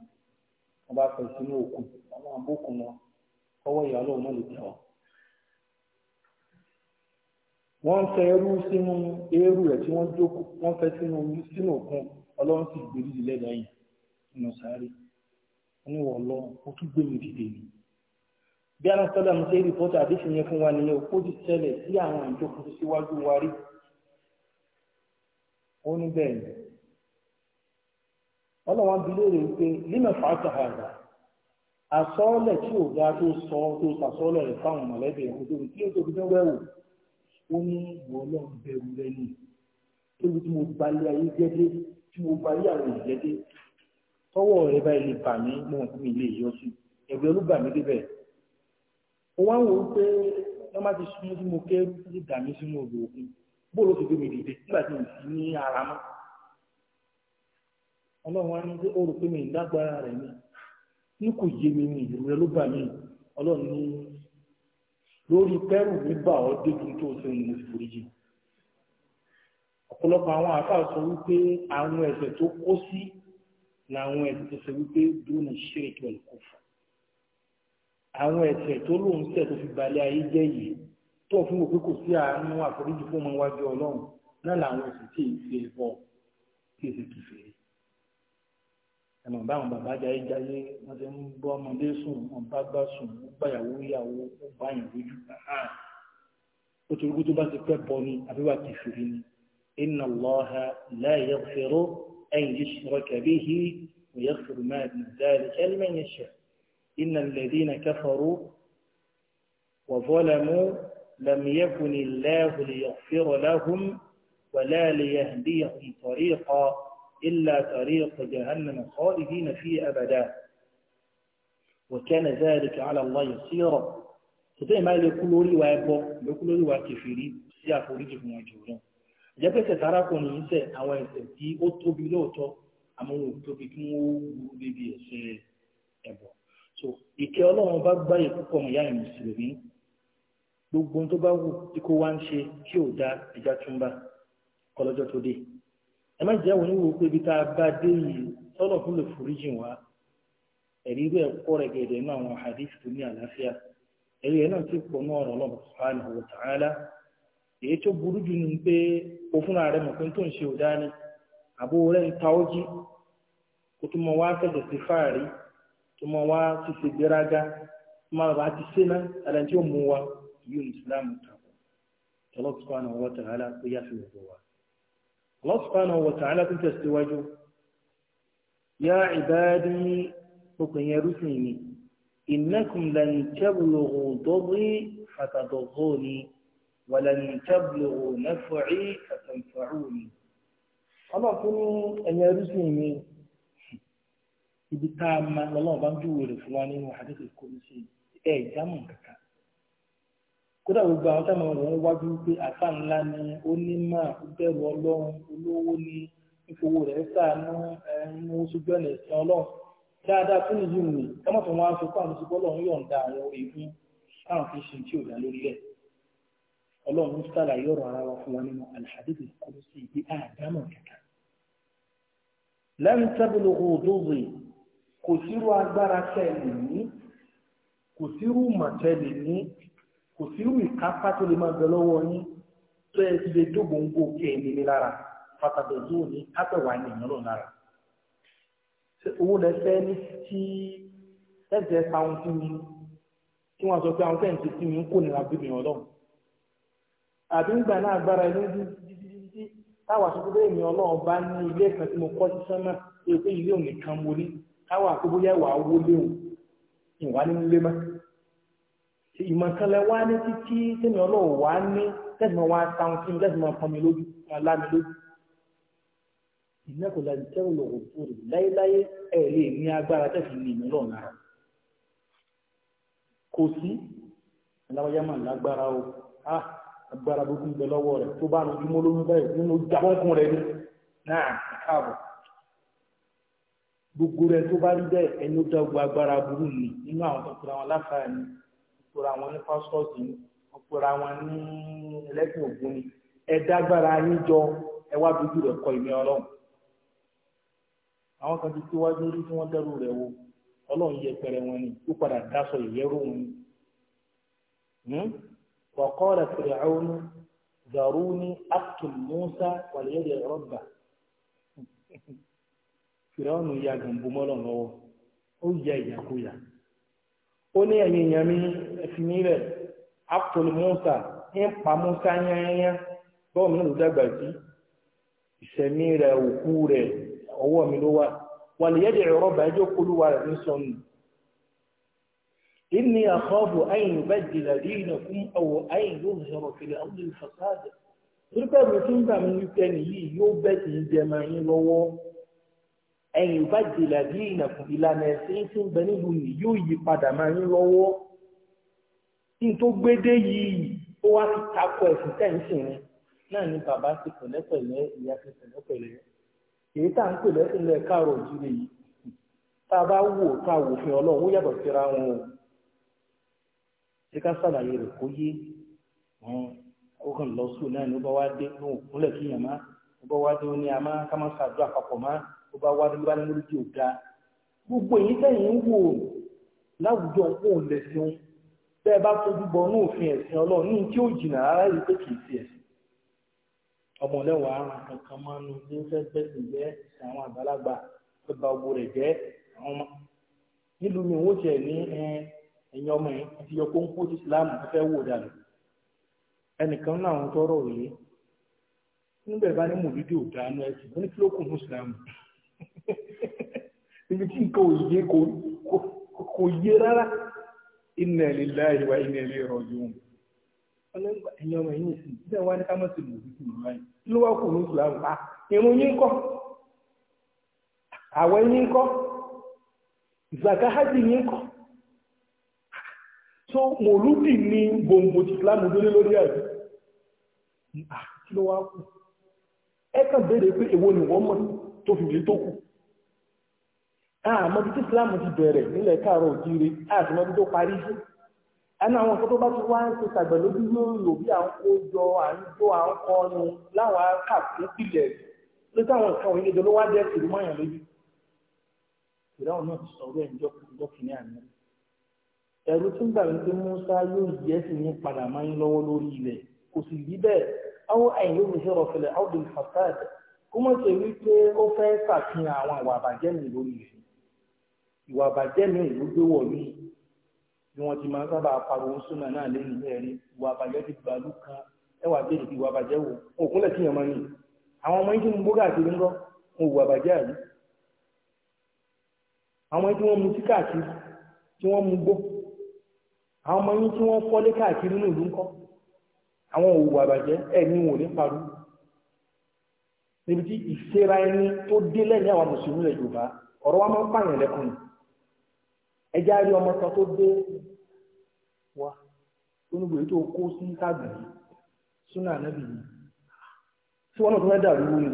wọ́n bá fẹ́ sínú òkun àwọn àbókùn wọn ọwọ́ ìyá ọlọ́run náà lè tẹ̀ wọ́n. wọ́n ń fẹ́ ẹrú sínú eérú rẹ̀ tí wọ́n jókòó wọ́n fẹ́ sínú sínú òkun ọlọ́run sì gbèrú ilé lẹ́yìn nínú sáré wọ́n ní wọ́n ọlọ́run ó tún gbé mi dìde ni. bí anasọ́lá mi ṣe é rìpọ́tà àdéṣe yẹn fún wa nìyẹn ó ti ṣẹlẹ̀ sí àwọn ìjókòó síwájú wa rí. ó ní bẹ́ẹ̀ ni ọlọ́wọ́n bi léèrè wípé límẹ̀ fàáta àgbà àsọ́ọ́lẹ̀ tí ò ga tó sọ tó sàsọ́ọ́lẹ̀ rẹ̀ fáwọn mọ̀lẹ́bí ẹ̀kọ́ tó kí ètò ìdíjọ́ wẹ̀wò ó ní wọ́ọ́lọ́ bẹ̀rù rẹ ni tóbi tí mo balẹ̀ ayé jẹ́dé tí mo balẹ̀ àwọn èèyàn jẹ́dé tọ́wọ́ rẹ báyìí lè bà mí mo kún ilé yọ sí ẹ̀rù ẹ̀rù bà mí débẹ̀ ó wá ń wò ó pé wọ́n má ti sún mú kí mo kéré ti dà mí sínú odò bóòlù ti gbé mi dìde nígbà tí mo ti ní ara mọ́ ọlọ́run wa ní ó rò pé mi lágbára rẹ̀ ni ní kò yé mi ní ìdùnnú ló bà mí ọlọ́run ní lórí pẹ́rù mi bà ọ́ débi tó o ṣe ń mo forí jì ọ̀pọ̀lọpọ̀ àwọn àfáà sọ wípé àwọn ẹ̀ṣẹ̀ tó kó sí làwọn ẹ̀ṣẹ̀ tó sọ wípé dúnà ṣírìkì ọ̀lùkọ̀fọ̀ àwọn ẹ̀ṣẹ̀ tó lóun tẹ̀ tó fi balẹ̀ ayé jẹ́ yìí tó fún òpin kò sí àánú àforíjì fún ọmọ wájú ọlọ́run náà làwọn ẹ̀ṣẹ̀ tí ì ẹ̀mọ̀ báwọn bàbá jayé jayé wọ́n ti ń bọ́ ọmọdé sùn wọ́n bá gbá sùn wọ́n gbàyàwó yàwó yàwó wọ́n bá yàn lójú ó torí kó tó bá ti pẹ́ bọ́ ni àbí ti kìfìrí ni iná lọ́ha inna ẹ̀yìn yìí sọ̀rọ̀ kẹ́bí hi bihi wa yaghfiru ma duna dhalika liman yasha inna alladhina kafaru wa wọ́n lam yakuni Allahu liyaghfira lahum wa la liyahdiyahum tariqa. إلا طريق جهنم خالدين فيه أبدا وكان ذلك على الله يسيرا sọtẹ́ ìmáà lè kú lórí wa ẹbọ lè kú lórí wa kẹfìrí sí àforíjì fún ọjọ́ náà ìjẹ́pẹ̀sẹ̀ tarakùnrin yìí sẹ̀ àwọn ẹ̀ṣẹ̀ tí ó tóbi lóòótọ́ àmọ́ wọn ò tóbi kí wọ́n wúrú bíbi ẹ̀ṣẹ̀ ẹbọ so ìkẹ́ ọlọ́run bá gbáyé púpọ̀ mọ̀ yá ìmùsùlùmí gbogbo tó bá wù tí kò wá ń ṣe kí ò dá ìjà túnbà kọlọ́jọ́ tó dé ẹ má jẹ́ oníwò pé ibi tá a bá dé yìí sọ́nà fún lè foríjì wá ẹ̀rí irú ẹ̀kọ́ rẹ̀ gẹ̀dẹ̀ nínú àwọn hadith tó ní àlàáfíà ẹ̀rí ẹ̀ náà ti pọ̀ ní ọ̀rọ̀ Ọlọ́run subhanahu wa ta'ala èyí tó burú jù pé o fúnra mọ̀ pé tó ń ṣe àbó rẹ̀ ta kó tó mọ wá fẹ̀sẹ̀ sí fáàrí tó mọ wá ti ṣe gbéraga tó ti Allah subhanahu wa ta'ala tún tẹ̀síwájú yá ìbáàdí okùn yẹn rúfin mi innakum lan tablughu dọ́gbé fatadurruni wa lan tablughu naf'i fatanfa'uni. ọlọ́ọ̀tún ní ẹ̀yẹ rúfin mi ibi tá a máa bá ń júwèé fún wa nínú àdéhùn ní ṣe ẹ̀ jámù kankan kódà gbogbo àwọn táwọn ọmọ rẹ̀ wájú pé àfa ńlá ni onímọ̀ bẹ̀rù ọlọ́run olówó ni ìfowó rẹ̀ sàánú ẹnu sójú ọ̀nà ìsìn ọlọ́run dáadáa tún nìyí nì kámọ́tò wọn á fi fún àwọn ìsìnkú ọlọ́run yọ̀ǹda àwọn ègún táwọn fi ṣe tí ò dá lórí rẹ̀ ọlọ́run ń sàlàyé ọ̀rọ̀ ara wa fún wa nínú alhadith kúrúsì bí àdámọ̀ kẹta lẹ́nu tábìlì òdòdó kò sírú agbára tẹ̀lé ní kò sírú mọ̀tẹ́lẹ̀ ní kò sí irú ìkápá tó lè máa bẹ lọ́wọ́ yín tó ẹ ti lè dógbòǹgbò kí ẹ nílé lára pàtàkì tó ní kápẹ̀wá ní lára owó lẹ fẹ́ ní tí ẹ̀jẹ̀ pa ohun tí mi tí wọ́n sọ pé àwọn fẹ́ǹtì tí mi ń kó nira bí mi ọlọ́run àbí ńgbà náà agbára inú dídídídí táwa sọ pé èmi ọlọ́run bá ní ilé kan tí mo kọ́ sí sánmà ìmọ̀kànlẹ̀ wá ní títí tẹ́mi ọlọ́wọ́ wá ní tẹ́sìmọ̀ wá sáwọn fún mi tẹ́sìmọ̀ pọn mi lójú wọn lámi lójú. ìnákùlá ti tẹ́wọ̀ lọ́wọ́ fún mi láéláé ẹ̀ lè ní agbára tẹ́sì ní ìmọ̀ lọ́nà rẹ̀. kò sí aláwọ̀yá máa lágbára o á agbára burúkú ń bẹ lọ́wọ́ rẹ̀ tó bá lójú mọ́ lóyún báyìí nínú jàbọ́kùn rẹ̀ ni náà káàbọ̀ gbogbo rẹ̀ tó bá rí bẹ́ẹ̀ ẹni ó dá gbogbo agbára burú nì nínú àwọn tó kura wọn láfàá ni pera wọn ní pastors ni wọ́n pera wọn ní ẹlẹ́sìn ògún ni ẹ dágbára yín jọ ẹ wá dojú rẹ̀ kọ ìmí ọlọ́run àwọn kan ti tíwájú rí tí wọ́n dẹ́rù rẹ̀ wò ọlọ́run wọn ni ó padà dáṣọ ìyẹ́rù wọn ni. Hmm? ó yẹ ìyàkóyà ó ní ẹ̀yìn èèyàn mi fi mí rẹ̀ aptoli musa ń pa musa yányányá bọ́ọ̀ mi ló dàgbà sí ìṣẹ̀mí rẹ̀ òkú rẹ̀ ọwọ́ mi ló wà wàlìyẹ́dẹ̀ ẹ̀rọ bàjẹ́ olúwa rẹ̀ ní sọnù inni akhafu an yubaddila dinakum aw an yuzhira fil ardi al-fasad torí pé mi ẹ̀yìn bá jìlá bí ìnàkùn ìlànà ẹ̀sìn tí ń bẹ nílùú yìí yóò yí padà máa ń lọ́wọ́ kí n tó gbédé yìí ó wá ti takọ ẹ̀sìn tẹ̀sìn ni náà ni bàbá ti pẹ̀lẹ́pẹ̀lẹ́ ìyá ti pẹ̀lẹ́pẹ̀lẹ́ èyí tá à ń pè lẹ́sìn lẹ́ káàrọ̀ òjúre yìí tá a bá wò ká wòfin ọlọ́run ó yàtọ̀ síra wọn o ṣé ká sàlàyé rẹ̀ kó yé ó kàn lọ sùn náà ni ó bá wá dé ní òkúnlẹ̀ kíyàn má ó bá wá dé ó ní a má ká má ṣàdúrà papọ̀ má ọba bá wá nígbà ní lórí tí gbogbo èyí tẹ̀yìn ń wò láwùjọ ń wò lẹ́sìn tẹ́ bá tójú bọ ní òfin ní ti ara kankan máa ń ní ma gbẹ́sìn jẹ́ àwọn àgbàlagbà ba ọmọ nílùú mi ní ọmọ àti ìsìláàmù wò dànù ẹnìkan náà àwọn tọrọ níbẹ̀ bá ní mòlídìí ò ibi tí nǹkan òye kò yé rárá inna lillahi wa inna ilayhi raji'un ọlọ́gbà ẹ̀yìn ọmọ yìí sì bí wọ́n ní ká mọ̀ sí lòdì sí ìlú ayé ló wá kù ní ìsìlámù pa irun yín kọ́ àwọ̀ yín kọ́ ìzàkà yín kọ́ tó mòlúdì ní gbòǹgbò tí ìsìlámù délé lórí àjò kí ló wá kù ẹ kàn béèrè pé èwo ni wọ́n mọ̀ tó fi lè tó kù àmọ́bí ah, tí Islam ti bẹ̀rẹ̀ nílẹ̀ káàrọ̀ òjìire àtìmọ́bí tó parí sí ẹnu àwọn ọ̀sán tó bá ti wá ń ṣe tàgbẹ̀lódún lóòrò bí àwọn kójọ àńjọ àwọn kọnu láwọn akáàkùn sílẹ̀ ló táwọn jẹ́ mọ́yàn lójú ìdáhùn náà ti àná tí ń mí pé Musa yóò ní padà máa ń lọ́wọ́ lórí ilẹ̀ kò sì rí bẹ́ẹ̀ ẹ̀yìn fi ṣe ìwà àbàjẹ́ mi ló gbé wọ̀ mí bí wọ́n ti máa ń sábà pariwo súnà náà lẹ́yìn ẹ̀rí ìwà àbàjẹ́ ti gbàlú kan ẹwà bẹ́ẹ̀ ti ìwà àbàjẹ́ wò òkúnlẹ̀ tí yẹn máa ń yìn àwọn ọmọ yìí tí mo bó káàkiri ńkọ́ mo wù àbàjẹ́ àrí àwọn yìí tí wọ́n mu sí káàkiri tí wọ́n mu gbó àwọn ọmọ yìí tí wọ́n fọ́lé káàkiri ní ìlú ńkọ́ àwọn òwò àbàjẹ́ ẹ̀mí wò ní paru níbi tí ìsera ẹni tó dé lẹ́yìn àwọn mùsùlùmí rẹ̀ Yorùbá ọ̀rọ̀ wa máa ń pààyàn lẹ́kùn ẹjẹ́ àrí ọmọ kan tó dé wa onígbèrè tó kó sí káàdì yìí súnà ànábì yìí tí wọn náà tó fẹ́ dàrú ni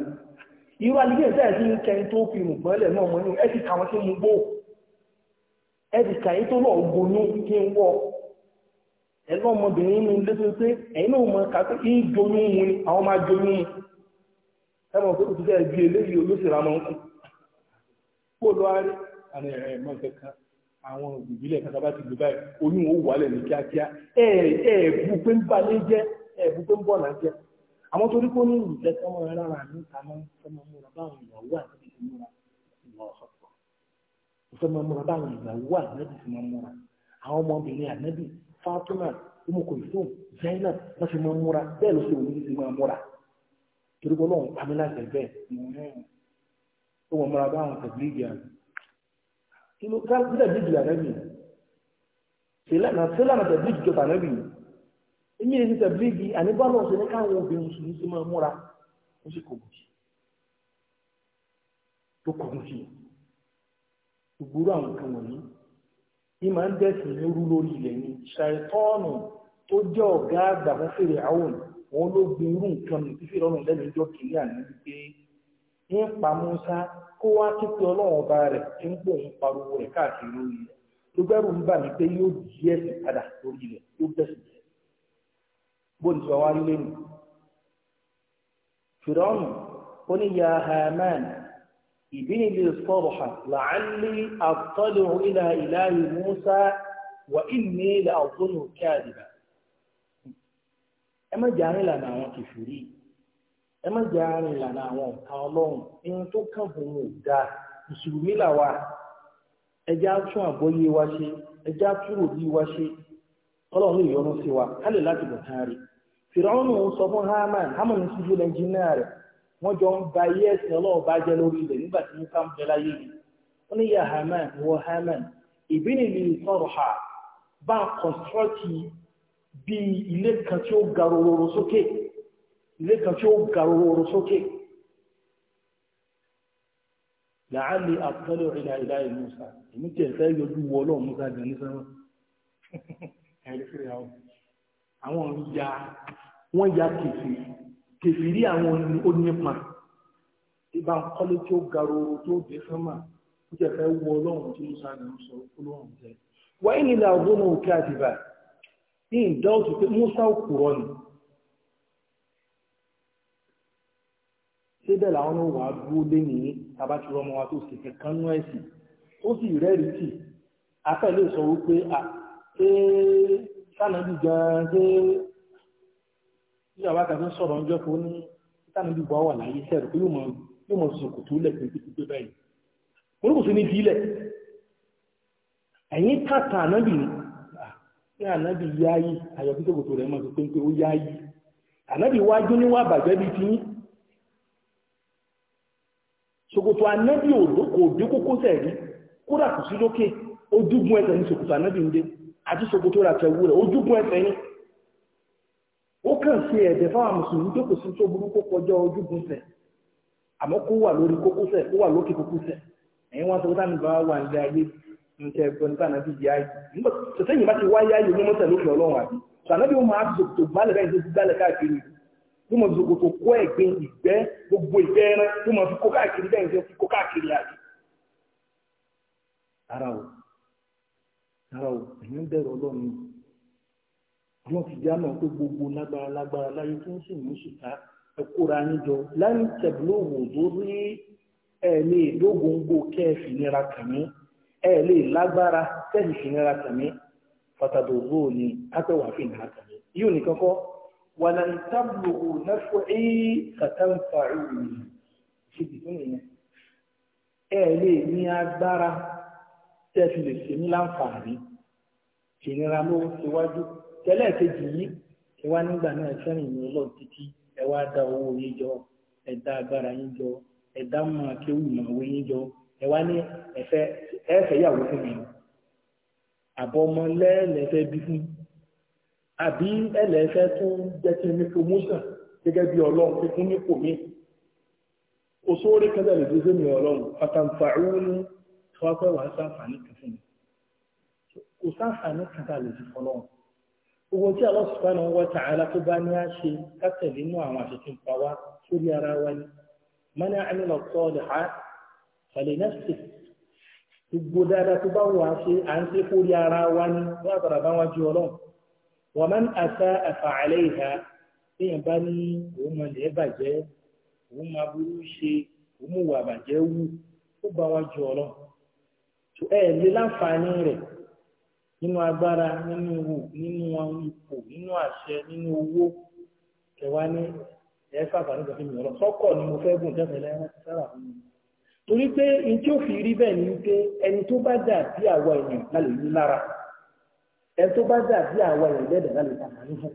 irú àlejò ẹ̀sẹ̀ ẹ̀ sí ń kẹni tó fi mùgbọ́nlẹ̀ náà mọ́ ní ẹ̀ ti mú gbó ti tó gbóná kí n ọmọbìnrin tó pé náà kàtó kí mu ni àwọn máa mu pé òtútù àwọn ìbílẹ̀ kankan bá ti lò báyìí oyún ó wà lẹ̀ ní kíákíá ẹ ẹ bu pé ń balẹ̀ jẹ́ ẹ bu pé ń bọ̀ náà jẹ́ àwọn torí pé ó ní ìjẹ́ sọmọ ẹ lára mi ta máa ń sọmọ múra báwọn ìyàwó àti ìmúra ìmọ̀ọ́sọ̀tọ̀ ìsọmọ múra báwọn ìyàwó àti ìmọ̀ọ́múra àwọn ọmọbìnrin ànábì Fatima umu kulsum zainab wọn fi máa ń múra bẹ́ẹ̀ ló ṣe òun ní ti máa múra kí ló ká sí tẹ̀bíjì ànábì sílànà sílànà tẹ̀bíjì jọba ànábì èmi èsì tẹ̀bíjì àníbàlọ̀ ṣe ní káwọn obìnrin mùsùlùmí sí máa múra ó sì kòkò sí tó kòkò sí gbogbo àwọn nǹkan wọ̀nyí ní máa ń dẹ̀sìn ní rú lórí ilẹ̀ ni ṣàìtọ́ọ̀nù tó gada ọ̀gá àgbà fún fèrè àwọn òun ló gbin irú nǹkan nìtí fèrè ọ̀nà ní pa Musa kó wá kíkí ọlọ́run ọba rẹ̀ tí ń gbọ́ òun pariwo rẹ̀ káàkiri lórí rẹ̀ lùgbẹ́rù ń bà mí pé yóò di ẹ̀sìn padà lórí rẹ̀ yóò bẹ̀sìn jẹ́ bó ní sọ wá rí lẹ́nu. Fìrọ́nù ó ní ya Haman ìbíni lè sọ̀rọ̀ hàn làálí àtọ́lẹ̀ ìlà ìlàrí Musa wà ìní ilẹ̀ àwòrán òkè àdìbà. Ẹ má jẹ́ àárín àwọn kìfìrí yìí ẹ má jẹ́ àárín ìlànà àwọn nǹkan ọlọ́run irun tó kàn fún mi ò dáa mùsùlùmí làwa ẹjẹ́ á tún àgbọ́yé wa ṣe ẹjẹ́ á tún òbí wa ṣe ọlọ́run lè yọ́nú sí wa ká lè láti bọ̀ tán rí fìrọ́nù sọ fún Haman Haman sí ilé ẹnjìnìá rẹ̀ wọ́n jọ ń ba iye ẹ̀sìn ọlọ́run bá jẹ́ lórí ilẹ̀ nígbà tí wọ́n kàn bẹ́ láyé mi wọ́n ní ya Haman wọ Haman ìbínú mi sọ̀rọ̀ ha bá ń kọ̀nstrọ́tì bíi ilé kan tí ó ga rororo sókè. So nìkan tí ó gàrúrú sókè làálì àtọ́lẹ̀ ìlà ìlà ìlú Musa èmi tẹ̀ fẹ́ yọjú wọ ọlọ́run Musa jẹ ní sẹ́wọ̀n àwọn ya wọ́n ya kèfì kèfì rí àwọn onípa ìbá kọ́lé tí ó gàrúrú tí ó dé sẹ́wọ̀n ó tẹ̀ fẹ́ wọ ọlọ́run tí Musa jẹ ń sọ ọlọ́run jẹ wáyé nílà ọdún náà kí àdìbà ní ìdáwọ̀tò pé ṣé bẹ́ẹ̀ làwọn náà wàá dúró lé ní tabati rọmọ wa tó sì kankan nú ẹ̀sìn ó sì rẹ́rìí tì afẹ́ lè sọ wípé à ṣé sànàbí gan ṣé ìjọba kan tó sọ̀rọ̀ ọjọ́ kan ní sànàbí bọ́ wà láyé sẹ́rù pé yóò mọ yóò mọ sọ̀kò tó lẹ̀ pé pé báyìí wọn kò sí ní ìdílẹ̀ ẹ̀yìn kàtà ànábì ni pé ànábì yáyí àyọ̀kítòkòtò rẹ̀ mọ̀ pé ó yáyí ànábì wájú níwá bàjẹ́ bíi tiyín ṣòkòtò anábì òdókò òdíkókó sẹ̀rí kódà kò sí lókè ojúgun ẹsẹ̀ ní ṣòkòtò anábì ń dé àti ṣòkòtò ràtẹ̀wú rẹ̀ ojúgun ẹsẹ̀ ní ó kàn sí ẹ̀dẹ̀ fáwọn mùsùlùmí tó kò sí tó burú kó kọjá ojúgun sẹ̀ àmọ́ kó wà lórí kókósẹ̀ kó wà lókè kókósẹ̀ ẹ̀yin wọn sọ wọ́n bá wà nílé ayé nǹkẹ́ ẹ̀gbọ́n nípa ànábì yìí ayé nígbà tẹ̀sẹ̀ yìí bá ti wáyé ayé ní mọ́tẹ̀ lókè ọlọ́run àbí sọ ànábì ó máa fi ṣòkòtò báyìí tó gbálẹ̀ káàkiri tó mọ̀ fi ṣòkòtò kó ẹ̀gbin ìgbẹ́ gbogbo ìgbẹ́ ẹran tó mọ̀ fi kó káàkiri bẹ́ẹ̀ ṣe fi kó káàkiri àjò. ara o ara o ẹ̀yin ń bẹ̀rù ọlọ́run ni ọlọ́run ti já náà pé gbogbo lágbára lágbára láyé tó ń sìn ní ṣùtá ẹ kóra yín jọ láyé tẹ̀bílò wò lórí ẹ̀ lè dógóńgó kẹ́ ẹ fi nira kàn ẹ lè lágbára kẹ́ ẹ fi nira kàn mí fatadoro ni kápẹ́ wàá fi nira kàn yóò ní kọ́kọ́. ولن تبلغوا نفعي فتنفعوني síbi tó nìyẹn ẹ lè ní agbára tẹ fi lè ṣe ní láǹfààní ìnira ló ṣíwájú tẹ́lẹ̀ kejì yìí ẹ wá nígbà náà fẹ́ràn ìyẹn lọ títí ẹ wá dá owó yín jọ ẹ dá agbára yín jọ ẹ dá máa kéwù ìmọ̀wé yín jọ ẹ wá ní ẹfẹ ẹfẹ yàwó fún mi àbọ̀mọ lẹ́ẹ̀lẹ́fẹ́ bí fún mi. àbí ẹlẹ́fẹ́ tún jẹ́ ní promotion gẹ́gẹ́ bí ọlọ́run fi fún nípò mi òṣòrí kan lè dúró mi ọlọ́run fatanfàáhùn ní fọ́fẹ́ wàá sáfàní kan kò sáfàní kan lè fi fọlọ́run gbogbo tí wa ta'ala tó bá ní á ṣe kátẹ̀lé àwọn àṣetì pa wá sórí ara ha fàlẹ́ nẹ́sì gbogbo dáadáa tó bá wà á ومن أساء ń asa àfààlẹ́ ìhà téèyàn bá ní òun máa lè bàjẹ́ òun máa burú ṣe òun mú wà bàjẹ́ wù ó bá wọn jù ọ̀rọ̀ tó ẹ̀ lé láǹfààní rẹ̀ nínú agbára nínú wù nínú àwọn ipò nínú àṣẹ nínú owó kẹwàá ní ẹ fàfàní ìgbà fún mi ọ̀rọ̀ sọ́kọ̀ ni mo fẹ́ gùn tẹ́fẹ̀ẹ́ lẹ́yìn sára fún mi torí pé n tí ó fi rí bẹ́ẹ̀ ni pé ẹni tó bá dà bí àwa èèyàn lálẹ́ yìí lára ẹni tó bá dàbí àwa ìrẹ̀lẹ́dẹ̀ láti tàbá ní fún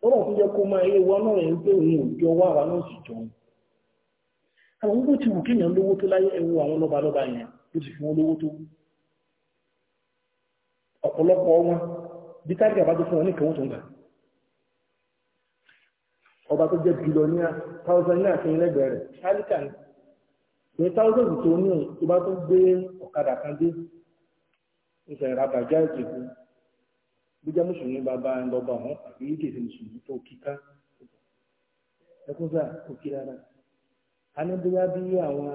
lọ́wọ́ tó yẹ kó máa yé wọn náà rẹ̀ ń pé òun ò jọ wá àwa náà sì jọ wọn. àwọn gbogbo ti wù kéèyàn lówó tó láyé ẹwu àwọn lọ́ba lọ́ba yẹn ló ti fi wọn lówó tó ọ̀pọ̀lọpọ̀ wọn bí táàgì àbájọ fún wọn ní ìkẹwọ́n tó ń gbà ọba tó jẹ́ bílíọ̀nìyà táwọ́sán ní àfihàn lẹ́gbẹ̀ẹ́ rẹ̀ ṣáàlìkà ní ní táwọ́sán tó ní ọ̀tọ́ tó gbé ọ̀kadà kan dé ìfẹ̀rẹ̀ àbàjá ìjẹ̀kú bíjá mùsùlùmí bàbá ń lọ bá wọn àbí yìí kèsì mùsùlùmí tó kíká ẹkún sáà kò kí rárá a ní bóyá bí àwọn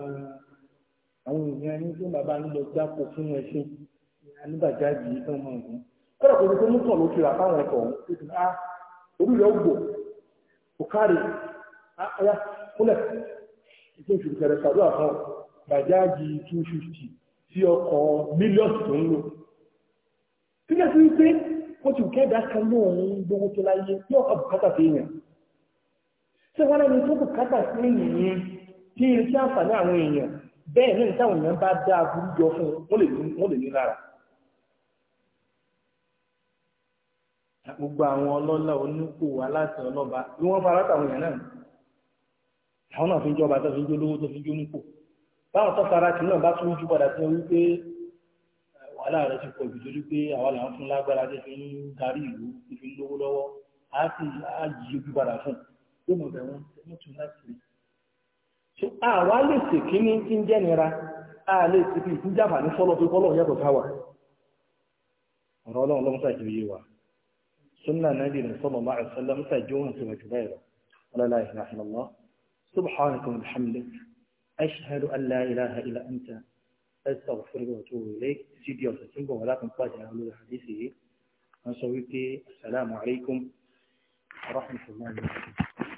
àwọn èèyàn ní tí bàbá ń lọ dáko fún ẹṣin anígbàjá yìí tán máa ń gún kọ́dà kò ní pé mú tàn ló fi rà fáwọn ẹ̀kọ́ ọ̀hún tó ti ní á ah, orí rẹ̀ ó gbò kò káre ọ̀yá ah, kúnlẹ̀ ìpín ìṣòro kẹrẹ sàdúrà fún bàjáàjì two fifty sí ọkọ̀ mílíọ̀nù tó ń lò. Fíjẹ́ sí wípé ó ti kẹ́ ìdá kan lóòun gbogbo tó láyé yóò kọ́ bùkátà sí èèyàn tí wọ́n lẹ́nu tó bùkátà sí èèyàn yẹn tí iṣẹ́ àǹfààní àwọn èèyàn bẹ́ẹ̀ ní ìtàwọn èèyàn bá dá aburú jọ fún wọn lè ní lára gbogbo àwọn ọlọ́lá oníkù aláṣẹ ọlọ́ba bí wọ́n fara tàwọn èèyàn náà àwọn náà fi ń jọba tó fi ń jólówó tó fi ń jóníkù báwọn tó fara tì náà bá tún jú padà sí wípé aláàrẹ ti pọ̀ jù torí pé àwa là ń fún lágbára tó fi ń darí ìlú tó fi ń lówó lọ́wọ́ á sì á yí ojú padà fún yóò mọ̀ bẹ̀ wọ́n wọ́n tún láti rí. so àwa lè ṣe kínní tí ń jẹ́nira a lè ṣe bí ìfúnjàmbá ní fọ́lọ́ pé kọ́lọ́ yàtọ̀ káwà ọ̀rọ̀ ọlọ́run ló ń sàjò yé wa sunna nabi ni sọ́mọ̀ máa ṣẹlẹ̀ ń sàjò hàn sí wàjú báyìí lọ ọlọ́lá ìhìnà ìhìnà subhanahu wa ta'ala ashhadu an ilaha illa anta أستغفرك وأتوب إليك سيدي وتسلمك ولا تنقاش عن حديثه عن السلام عليكم ورحمة الله وبركاته